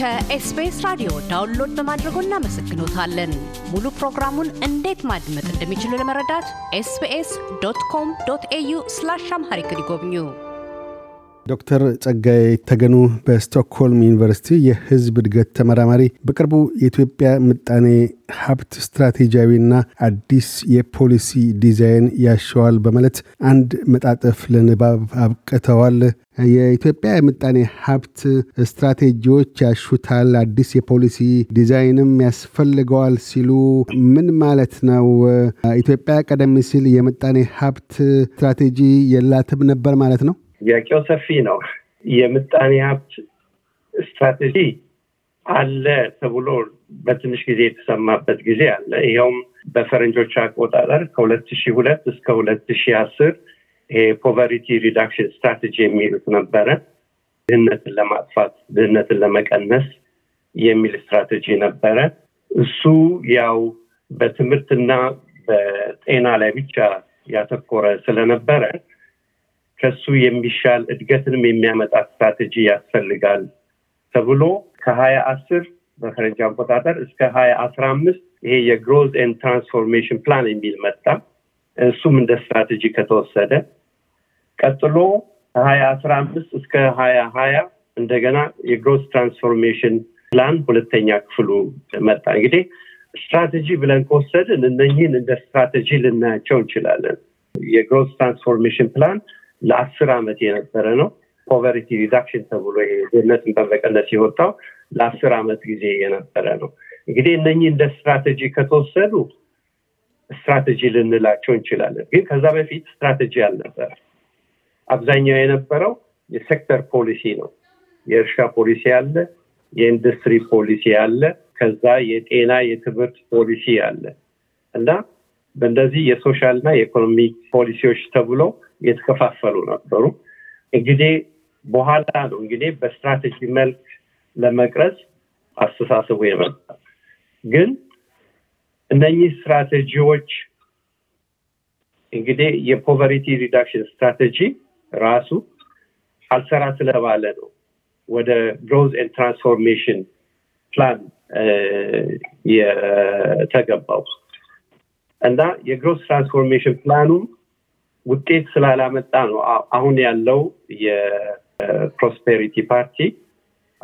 ከኤስቢኤስ ራዲዮ ዳውንሎድ በማድረጎ እናመሰግኖታለን። ሙሉ ፕሮግራሙን እንዴት ማድመጥ እንደሚችሉ ለመረዳት ኤስቢኤስ ዶት ኮም ዶት ኤዩ ስላሽ አምሃሪክ ይጎብኙ። ዶክተር ጸጋይ ተገኑ በስቶክሆልም ዩኒቨርሲቲ የሕዝብ እድገት ተመራማሪ በቅርቡ የኢትዮጵያ ምጣኔ ሀብት ስትራቴጂያዊና አዲስ የፖሊሲ ዲዛይን ያሸዋል በማለት አንድ መጣጥፍ ለንባብ አብቅተዋል። የኢትዮጵያ የምጣኔ ሀብት ስትራቴጂዎች ያሹታል፣ አዲስ የፖሊሲ ዲዛይንም ያስፈልገዋል ሲሉ ምን ማለት ነው? ኢትዮጵያ ቀደም ሲል የምጣኔ ሀብት ስትራቴጂ የላትም ነበር ማለት ነው? ጥያቄው ሰፊ ነው። የምጣኔ ሀብት ስትራቴጂ አለ ተብሎ በትንሽ ጊዜ የተሰማበት ጊዜ አለ። ይኸውም በፈረንጆች አቆጣጠር ከሁለት ሺህ ሁለት እስከ ሁለት ሺህ አስር ይሄ ፖቨርቲ ሪዳክሽን ስትራቴጂ የሚሉት ነበረ። ድህነትን ለማጥፋት ድህነትን ለመቀነስ የሚል ስትራቴጂ ነበረ። እሱ ያው በትምህርትና በጤና ላይ ብቻ ያተኮረ ስለነበረ ከሱ የሚሻል እድገትንም የሚያመጣ ስትራቴጂ ያስፈልጋል ተብሎ ከሀያ አስር በፈረንጅ አቆጣጠር እስከ ሀያ አስራ አምስት ይሄ የግሮዝ ኤንድ ትራንስፎርሜሽን ፕላን የሚል መጣ። እሱም እንደ ስትራቴጂ ከተወሰደ ቀጥሎ ከሀያ አስራ አምስት እስከ ሀያ ሀያ እንደገና የግሮስ ትራንስፎርሜሽን ፕላን ሁለተኛ ክፍሉ መጣ። እንግዲህ ስትራቴጂ ብለን ከወሰድን እነኝህን እንደ ስትራቴጂ ልናያቸው እንችላለን። የግሮስ ትራንስፎርሜሽን ፕላን ለአስር ዓመት የነበረ ነው። ፖቨሪቲ ሪዳክሽን ተብሎ ድህነትን በመቀነስ የወጣው ለአስር ዓመት ጊዜ የነበረ ነው። እንግዲህ እነኚህ እንደ ስትራቴጂ ከተወሰዱ ስትራቴጂ ልንላቸው እንችላለን። ግን ከዛ በፊት ስትራቴጂ አልነበረም። አብዛኛው የነበረው የሴክተር ፖሊሲ ነው። የእርሻ ፖሊሲ አለ፣ የኢንዱስትሪ ፖሊሲ አለ፣ ከዛ የጤና የትምህርት ፖሊሲ አለ እና በእንደዚህ የሶሻል እና የኢኮኖሚ ፖሊሲዎች ተብሎ የተከፋፈሉ ነበሩ። እንግዲህ በኋላ ነው እንግዲህ በስትራቴጂ መልክ ለመቅረጽ አስተሳሰቡ የመጣ ግን እነኚህ ስትራቴጂዎች እንግዲህ የፖቨርቲ ሪዳክሽን ስትራቴጂ ራሱ አልሰራ ስለባለ ነው ወደ ግሮዝ ኤንድ ትራንስፎርሜሽን ፕላን የተገባው እና የግሮዝ ትራንስፎርሜሽን ፕላኑም ውጤት ስላላመጣ ነው አሁን ያለው የፕሮስፔሪቲ ፓርቲ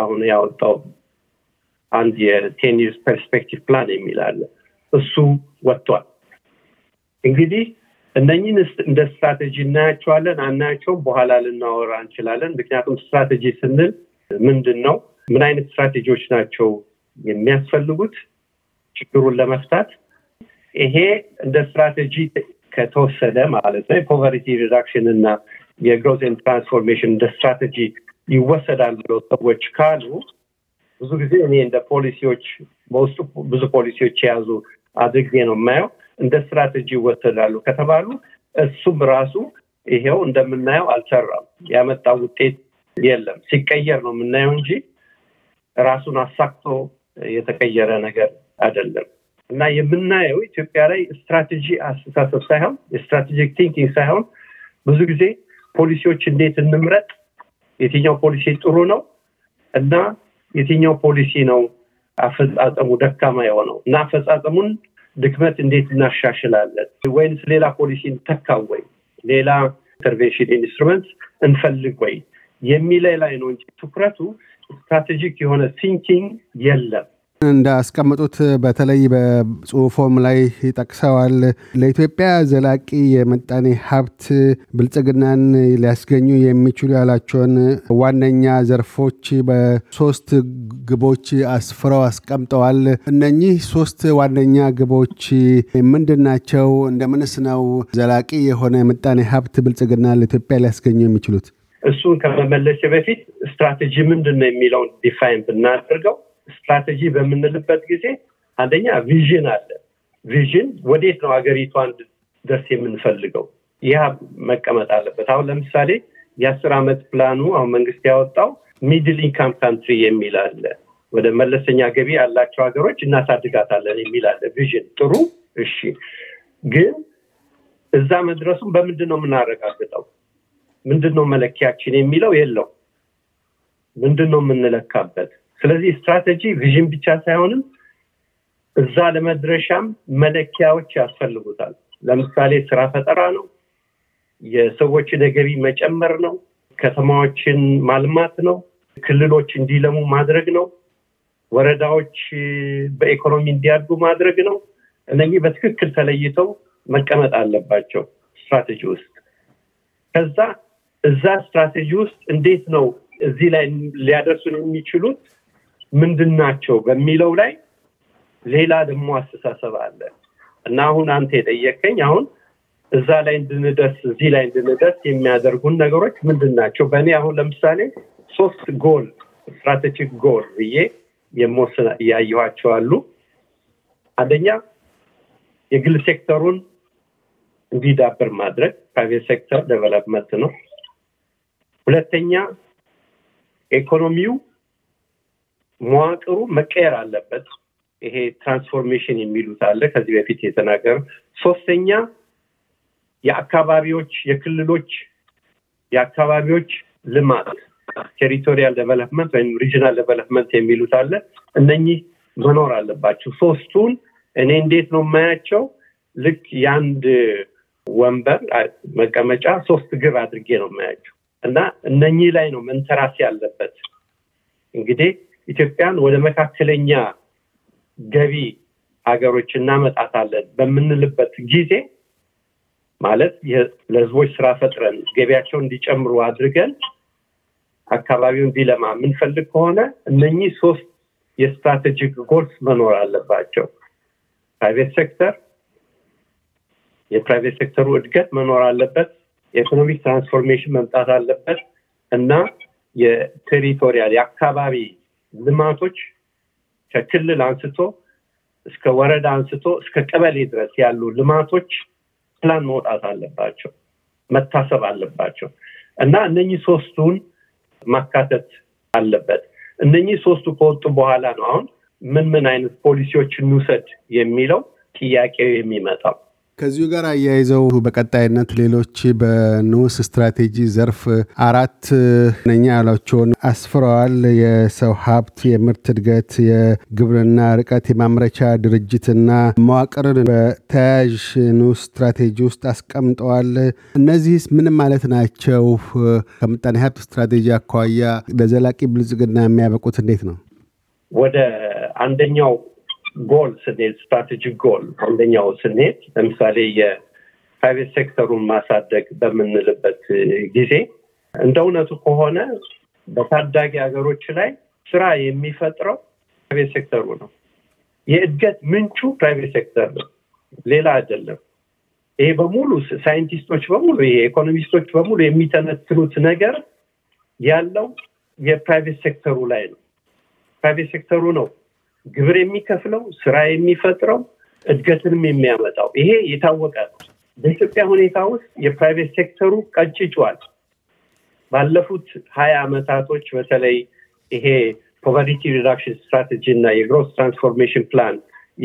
አሁን ያወጣው አንድ የቴን ይርስ ፐርስፔክቲቭ ፕላን የሚል አለ። እሱ ወጥቷል። እንግዲህ እነኝህን እንደ ስትራቴጂ እናያቸዋለን፣ አናያቸውም፣ በኋላ ልናወራ እንችላለን። ምክንያቱም ስትራቴጂ ስንል ምንድን ነው? ምን አይነት ስትራቴጂዎች ናቸው የሚያስፈልጉት ችግሩን ለመፍታት? ይሄ እንደ ስትራቴጂ ከተወሰደ ማለት ነው የፖቨርቲ ሪዳክሽን እና የግሮት ን ትራንስፎርሜሽን እንደ ስትራቴጂ ይወሰዳል ብለው ሰዎች ካሉ ብዙ ጊዜ እኔ እንደ ፖሊሲዎች በውስጡ ብዙ ፖሊሲዎች የያዙ አድርጌ ነው የማየው እንደ ስትራቴጂ ይወሰዳሉ ከተባሉ እሱም ራሱ ይሄው እንደምናየው አልሰራም። ያመጣው ውጤት የለም። ሲቀየር ነው የምናየው እንጂ ራሱን አሳክቶ የተቀየረ ነገር አይደለም። እና የምናየው ኢትዮጵያ ላይ ስትራቴጂ አስተሳሰብ ሳይሆን የስትራቴጂክ ቲንኪንግ ሳይሆን ብዙ ጊዜ ፖሊሲዎች እንዴት እንምረጥ፣ የትኛው ፖሊሲ ጥሩ ነው እና የትኛው ፖሊሲ ነው አፈጻጸሙ ደካማ የሆነው እና አፈጻጸሙን ድክመት እንዴት እናሻሽላለን ወይንስ ሌላ ፖሊሲ እንተካው ወይ ሌላ ኢንተርቬንሽን ኢንስትሩመንት እንፈልግ ወይ የሚለ ላይ ነው እንጂ ትኩረቱ ስትራቴጂክ የሆነ ቲንኪንግ የለም። እንዳስቀመጡት በተለይ በጽሁፎም ላይ ጠቅሰዋል። ለኢትዮጵያ ዘላቂ የመጣኔ ሀብት ብልጽግናን ሊያስገኙ የሚችሉ ያላቸውን ዋነኛ ዘርፎች በሶስት ግቦች አስፍረው አስቀምጠዋል። እነኚህ ሶስት ዋነኛ ግቦች ናቸው እንደምንስ ነው ዘላቂ የሆነ የመጣኔ ሀብት ብልጽግና ለኢትዮጵያ ሊያስገኙ የሚችሉት? እሱን ከመመለሴ በፊት ስትራቴጂ ምንድን ነው የሚለውን ዲፋይን ብናደርገው ስትራቴጂ በምንልበት ጊዜ አንደኛ ቪዥን አለ። ቪዥን ወዴት ነው ሀገሪቷን ደስ የምንፈልገው? ይህ መቀመጥ አለበት። አሁን ለምሳሌ የአስር ዓመት ፕላኑ አሁን መንግስት ያወጣው ሚድል ኢንካም ካንትሪ የሚል አለ። ወደ መለሰኛ ገቢ ያላቸው ሀገሮች እናሳድጋታለን የሚል አለ። ቪዥን ጥሩ፣ እሺ። ግን እዛ መድረሱን በምንድን ነው የምናረጋግጠው? ምንድን ነው መለኪያችን የሚለው የለው። ምንድን ነው የምንለካበት? ስለዚህ ስትራቴጂ ቪዥን ብቻ ሳይሆንም እዛ ለመድረሻም መለኪያዎች ያስፈልጉታል። ለምሳሌ ስራ ፈጠራ ነው፣ የሰዎችን የገቢ መጨመር ነው፣ ከተማዎችን ማልማት ነው፣ ክልሎች እንዲለሙ ማድረግ ነው፣ ወረዳዎች በኢኮኖሚ እንዲያድጉ ማድረግ ነው። እነዚህ በትክክል ተለይተው መቀመጥ አለባቸው ስትራቴጂ ውስጥ። ከዛ እዛ ስትራቴጂ ውስጥ እንዴት ነው እዚህ ላይ ሊያደርሱን የሚችሉት ምንድን ናቸው በሚለው ላይ ሌላ ደግሞ አስተሳሰብ አለ እና አሁን አንተ የጠየቀኝ አሁን እዛ ላይ እንድንደርስ እዚህ ላይ እንድንደርስ የሚያደርጉን ነገሮች ምንድን ናቸው? በእኔ አሁን ለምሳሌ ሶስት ጎል ስትራቴጂክ ጎል ብዬ የመወስና እያየኋቸው አሉ። አንደኛ የግል ሴክተሩን እንዲዳብር ማድረግ ፕራይቬት ሴክተር ዴቨሎፕመንት ነው። ሁለተኛ ኢኮኖሚው መዋቅሩ መቀየር አለበት። ይሄ ትራንስፎርሜሽን የሚሉት አለ ከዚህ በፊት የተናገር። ሶስተኛ የአካባቢዎች የክልሎች የአካባቢዎች ልማት ቴሪቶሪያል ዴቨሎፕመንት ወይም ሪጅናል ዴቨሎፕመንት የሚሉት አለ። እነኚህ መኖር አለባቸው። ሶስቱን እኔ እንዴት ነው የማያቸው? ልክ የአንድ ወንበር መቀመጫ ሶስት ግብ አድርጌ ነው የማያቸው እና እነኚህ ላይ ነው መንተራሴ ያለበት እንግዲህ ኢትዮጵያን ወደ መካከለኛ ገቢ ሀገሮች እናመጣታለን በምንልበት ጊዜ ማለት ለህዝቦች ስራ ፈጥረን ገቢያቸውን እንዲጨምሩ አድርገን አካባቢውን እንዲለማ የምንፈልግ ከሆነ እነኚህ ሶስት የስትራቴጂክ ጎልስ መኖር አለባቸው። ፕራይቬት ሴክተር፣ የፕራይቬት ሴክተሩ እድገት መኖር አለበት፣ የኢኮኖሚክ ትራንስፎርሜሽን መምጣት አለበት እና የቴሪቶሪያል የአካባቢ ልማቶች ከክልል አንስቶ እስከ ወረዳ አንስቶ እስከ ቀበሌ ድረስ ያሉ ልማቶች ፕላን መውጣት አለባቸው፣ መታሰብ አለባቸው እና እነኚህ ሶስቱን ማካተት አለበት። እነኚህ ሶስቱ ከወጡ በኋላ ነው አሁን ምን ምን አይነት ፖሊሲዎች እንውሰድ የሚለው ጥያቄው የሚመጣው። ከዚሁ ጋር አያይዘው በቀጣይነት ሌሎች በንዑስ ስትራቴጂ ዘርፍ አራት ነኛ ያሏቸውን አስፍረዋል። የሰው ሀብት፣ የምርት እድገት፣ የግብርና ርቀት፣ የማምረቻ ድርጅትና መዋቅርን በተያያዥ ንዑስ ስትራቴጂ ውስጥ አስቀምጠዋል። እነዚህስ ምንም ማለት ናቸው? ከምጣኔ ሀብት ስትራቴጂ አኳያ ለዘላቂ ብልጽግና የሚያበቁት እንዴት ነው? ወደ አንደኛው ጎል ስንል ስትራቴጂክ ጎል አንደኛው ስንሄድ ለምሳሌ የፕራይቬት ሴክተሩን ማሳደግ በምንልበት ጊዜ እንደ እውነቱ ከሆነ በታዳጊ ሀገሮች ላይ ስራ የሚፈጥረው ፕራይቬት ሴክተሩ ነው። የእድገት ምንቹ ፕራይቬት ሴክተር ነው፣ ሌላ አይደለም። ይሄ በሙሉ ሳይንቲስቶች በሙሉ ኢኮኖሚስቶች በሙሉ የሚተነትኑት ነገር ያለው የፕራይቬት ሴክተሩ ላይ ነው። ፕራይቬት ሴክተሩ ነው ግብር የሚከፍለው ስራ የሚፈጥረው እድገትንም የሚያመጣው ይሄ የታወቀ ነው። በኢትዮጵያ ሁኔታ ውስጥ የፕራይቬት ሴክተሩ ቀጭጫዋል። ባለፉት ሀያ ዓመታቶች በተለይ ይሄ ፖቨርቲ ሪዳክሽን ስትራቴጂ እና የግሮስ ትራንስፎርሜሽን ፕላን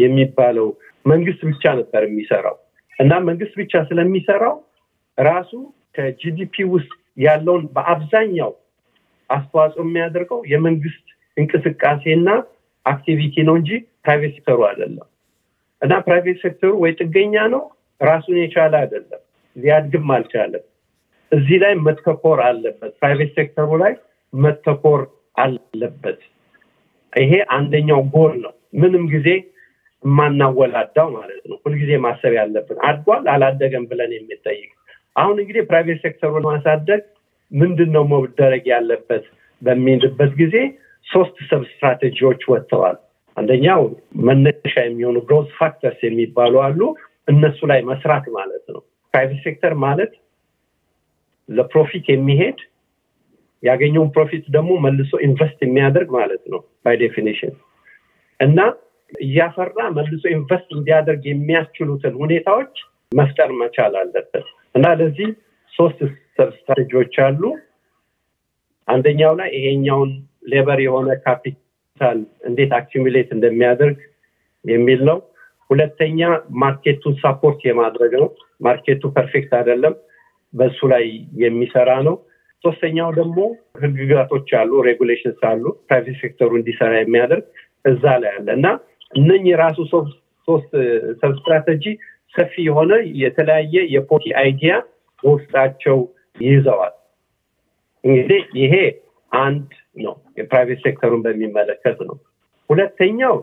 የሚባለው መንግስት ብቻ ነበር የሚሰራው እና መንግስት ብቻ ስለሚሰራው ራሱ ከጂዲፒ ውስጥ ያለውን በአብዛኛው አስተዋጽኦ የሚያደርገው የመንግስት እንቅስቃሴና አክቲቪቲ ነው እንጂ ፕራይቬት ሴክተሩ አይደለም እና ፕራይቬት ሴክተሩ ወይ ጥገኛ ነው ራሱን የቻለ አይደለም ሊያድግም አልቻለም እዚህ ላይ መተኮር አለበት ፕራይቬት ሴክተሩ ላይ መተኮር አለበት ይሄ አንደኛው ጎል ነው ምንም ጊዜ የማናወላዳው ማለት ነው ሁልጊዜ ማሰብ ያለብን አድጓል አላደገም ብለን የሚጠይቅ አሁን እንግዲህ ፕራይቬት ሴክተሩን ማሳደግ ምንድን ነው መደረግ ያለበት በሚልበት ጊዜ ሶስት ሰብ ስትራቴጂዎች ወጥተዋል። አንደኛው መነሻ የሚሆኑ ግሮዝ ፋክተርስ የሚባሉ አሉ። እነሱ ላይ መስራት ማለት ነው። ፕራይቬት ሴክተር ማለት ለፕሮፊት የሚሄድ ያገኘውን ፕሮፊት ደግሞ መልሶ ኢንቨስት የሚያደርግ ማለት ነው ባይ ዴፊኒሽን እና እያፈራ መልሶ ኢንቨስት እንዲያደርግ የሚያስችሉትን ሁኔታዎች መፍጠር መቻል አለብን እና ለዚህ ሶስት ስትራቴጂዎች አሉ። አንደኛው ላይ ይሄኛውን ሌበር የሆነ ካፒታል እንዴት አኪሚሌት እንደሚያደርግ የሚል ነው። ሁለተኛ ማርኬቱን ሳፖርት የማድረግ ነው። ማርኬቱ ፐርፌክት አይደለም፣ በሱ ላይ የሚሰራ ነው። ሶስተኛው ደግሞ ህግጋቶች አሉ፣ ሬጉሌሽንስ አሉ፣ ፕራይቬት ሴክተሩ እንዲሰራ የሚያደርግ እዛ ላይ አለ እና እነኚህ የራሱ ሶስት ሰብ ስትራቴጂ ሰፊ የሆነ የተለያየ የፖቲ አይዲያ በውስጣቸው ይይዘዋል። እንግዲህ ይሄ አንድ ነው። የፕራይቬት ሴክተሩን በሚመለከት ነው። ሁለተኛው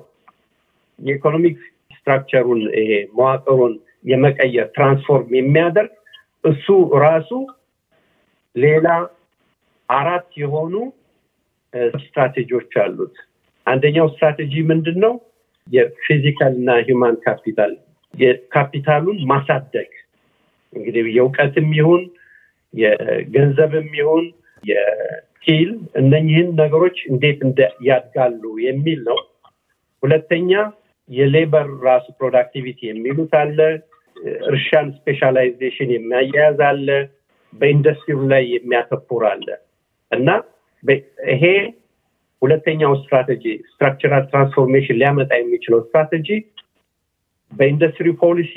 የኢኮኖሚክ ስትራክቸሩን ይሄ መዋቅሩን የመቀየር ትራንስፎርም የሚያደርግ እሱ ራሱ ሌላ አራት የሆኑ ስትራቴጂዎች አሉት። አንደኛው ስትራቴጂ ምንድን ነው? የፊዚካል እና ሂማን ካፒታል የካፒታሉን ማሳደግ እንግዲህ የእውቀትም ይሁን የገንዘብም ይሁን ስኪል እነኚህን ነገሮች እንዴት ያድጋሉ የሚል ነው። ሁለተኛ የሌበር ራሱ ፕሮዳክቲቪቲ የሚሉት አለ። እርሻን ስፔሻላይዜሽን የሚያያያዝ አለ። በኢንዱስትሪው ላይ የሚያተኩር አለ እና ይሄ ሁለተኛው ስትራቴጂ ስትራክቸራል ትራንስፎርሜሽን ሊያመጣ የሚችለው ስትራቴጂ በኢንዱስትሪ ፖሊሲ፣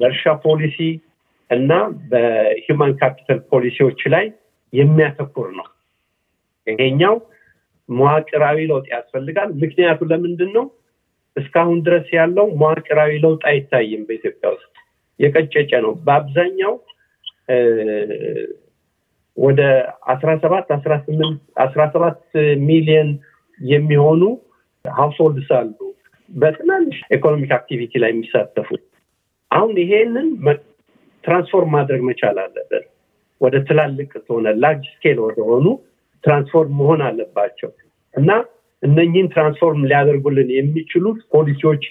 በእርሻ ፖሊሲ እና በሂውማን ካፒታል ፖሊሲዎች ላይ የሚያተኩር ነው። ይሄኛው መዋቅራዊ ለውጥ ያስፈልጋል። ምክንያቱ ለምንድን ነው? እስካሁን ድረስ ያለው መዋቅራዊ ለውጥ አይታይም። በኢትዮጵያ ውስጥ የቀጨጨ ነው። በአብዛኛው ወደ አስራ ሰባት አስራ ስምንት አስራ ሰባት ሚሊዮን የሚሆኑ ሀውስሆልድስ አሉ በትናንሽ ኢኮኖሚክ አክቲቪቲ ላይ የሚሳተፉ አሁን ይሄንን ትራንስፎርም ማድረግ መቻል አለበት ወደ ትላልቅ ሆነ ላርጅ ስኬል ወደሆኑ ትራንስፎርም መሆን አለባቸው እና እነኚህን ትራንስፎርም ሊያደርጉልን የሚችሉት ፖሊሲዎች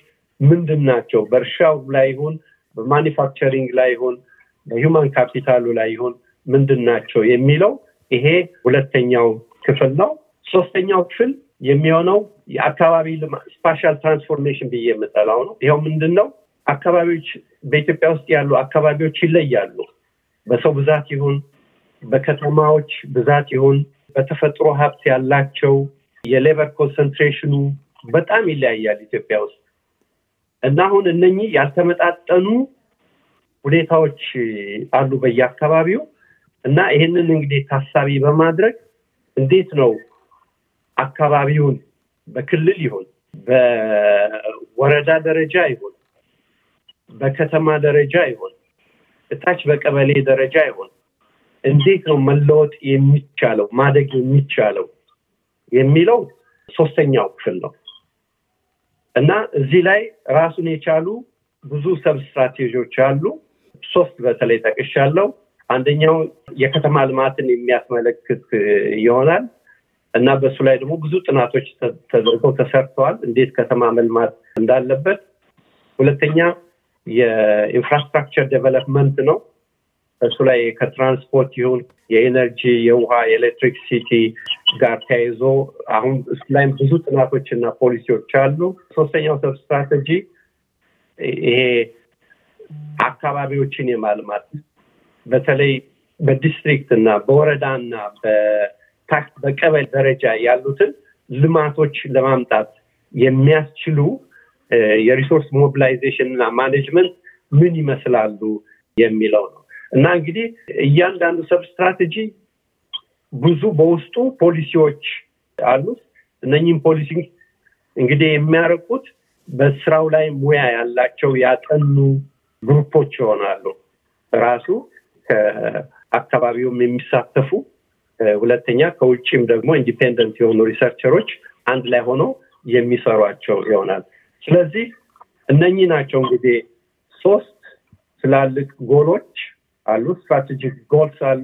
ምንድን ናቸው? በእርሻው ላይ ይሁን፣ በማኒፋክቸሪንግ ላይ ይሁን፣ በማን ካፒታሉ ላይ ይሁን ምንድን ናቸው የሚለው ይሄ ሁለተኛው ክፍል ነው። ሶስተኛው ክፍል የሚሆነው የአካባቢ ልማት ስፓሻል ትራንስፎርሜሽን ብዬ የምጠላው ነው። ይኸው ምንድን ነው? አካባቢዎች በኢትዮጵያ ውስጥ ያሉ አካባቢዎች ይለያሉ። በሰው ብዛት ይሁን፣ በከተማዎች ብዛት ይሁን፣ በተፈጥሮ ሀብት ያላቸው የሌበር ኮንሰንትሬሽኑ በጣም ይለያያል ኢትዮጵያ ውስጥ እና አሁን እነኚህ ያልተመጣጠኑ ሁኔታዎች አሉ በየአካባቢው እና ይህንን እንግዲህ ታሳቢ በማድረግ እንዴት ነው አካባቢውን በክልል ይሆን በወረዳ ደረጃ ይሆን በከተማ ደረጃ ይሆን እታች በቀበሌ ደረጃ ይሆን እንዴት ነው መለወጥ የሚቻለው ማደግ የሚቻለው የሚለው ሶስተኛው ክፍል ነው እና እዚህ ላይ ራሱን የቻሉ ብዙ ሰብ ስትራቴጂዎች አሉ ሶስት በተለይ ጠቅሻለው አንደኛው የከተማ ልማትን የሚያስመለክት ይሆናል እና በእሱ ላይ ደግሞ ብዙ ጥናቶች ተደርገው ተሰርተዋል እንዴት ከተማ መልማት እንዳለበት ሁለተኛ የኢንፍራስትራክቸር ዴቨሎፕመንት ነው እሱ ላይ ከትራንስፖርት ይሁን የኤነርጂ፣ የውሃ፣ የኤሌክትሪክ ሲቲ ጋር ተያይዞ አሁን እሱ ላይም ብዙ ጥናቶች እና ፖሊሲዎች አሉ። ሶስተኛው ሰብ ስትራቴጂ ይሄ አካባቢዎችን የማልማት በተለይ በዲስትሪክት እና በወረዳ እና በታክስ በቀበሌ ደረጃ ያሉትን ልማቶች ለማምጣት የሚያስችሉ የሪሶርስ ሞቢላይዜሽን እና ማኔጅመንት ምን ይመስላሉ የሚለው ነው። እና እንግዲህ እያንዳንዱ ሰብ ስትራቴጂ ብዙ በውስጡ ፖሊሲዎች አሉት። እነኚህም ፖሊሲ እንግዲህ የሚያረቁት በስራው ላይ ሙያ ያላቸው ያጠኑ ግሩፖች ይሆናሉ። ራሱ ከአካባቢውም የሚሳተፉ ሁለተኛ ከውጭም ደግሞ ኢንዲፔንደንት የሆኑ ሪሰርቸሮች አንድ ላይ ሆነው የሚሰሯቸው ይሆናል። ስለዚህ እነኚህ ናቸው እንግዲህ ሶስት ትላልቅ ጎሎች አሉ፣ ስትራቴጂክ ጎልስ አሉ።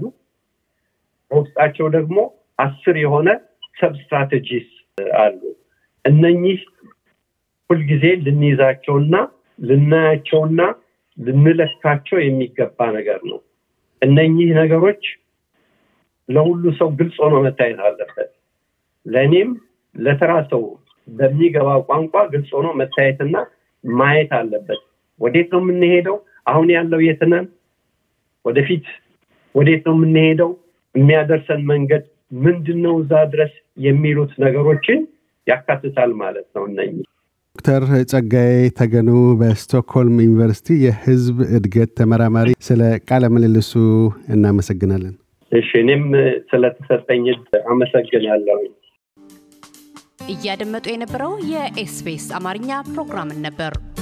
በውስጣቸው ደግሞ አስር የሆነ ሰብ ስትራቴጂስ አሉ። እነኚህ ሁልጊዜ ልንይዛቸውና ልናያቸውና ልንለካቸው የሚገባ ነገር ነው። እነኚህ ነገሮች ለሁሉ ሰው ግልጽ ሆኖ መታየት አለበት። ለእኔም ለተራ ሰው በሚገባ ቋንቋ ግልጽ ሆኖ መታየትና ማየት አለበት። ወዴት ነው የምንሄደው? አሁን ያለው የት ነን? ወደፊት ወዴት ነው የምንሄደው የሚያደርሰን መንገድ ምንድን ነው እዛ ድረስ የሚሉት ነገሮችን ያካትታል ማለት ነው እነኚህ ዶክተር ጸጋዬ ተገኑ በስቶክሆልም ዩኒቨርሲቲ የህዝብ እድገት ተመራማሪ፣ ስለ ቃለ ምልልሱ እናመሰግናለን። እሺ፣ እኔም ስለተሰጠኝ አመሰግናለሁ። እያደመጡ የነበረው የኤስፔስ አማርኛ ፕሮግራምን ነበር።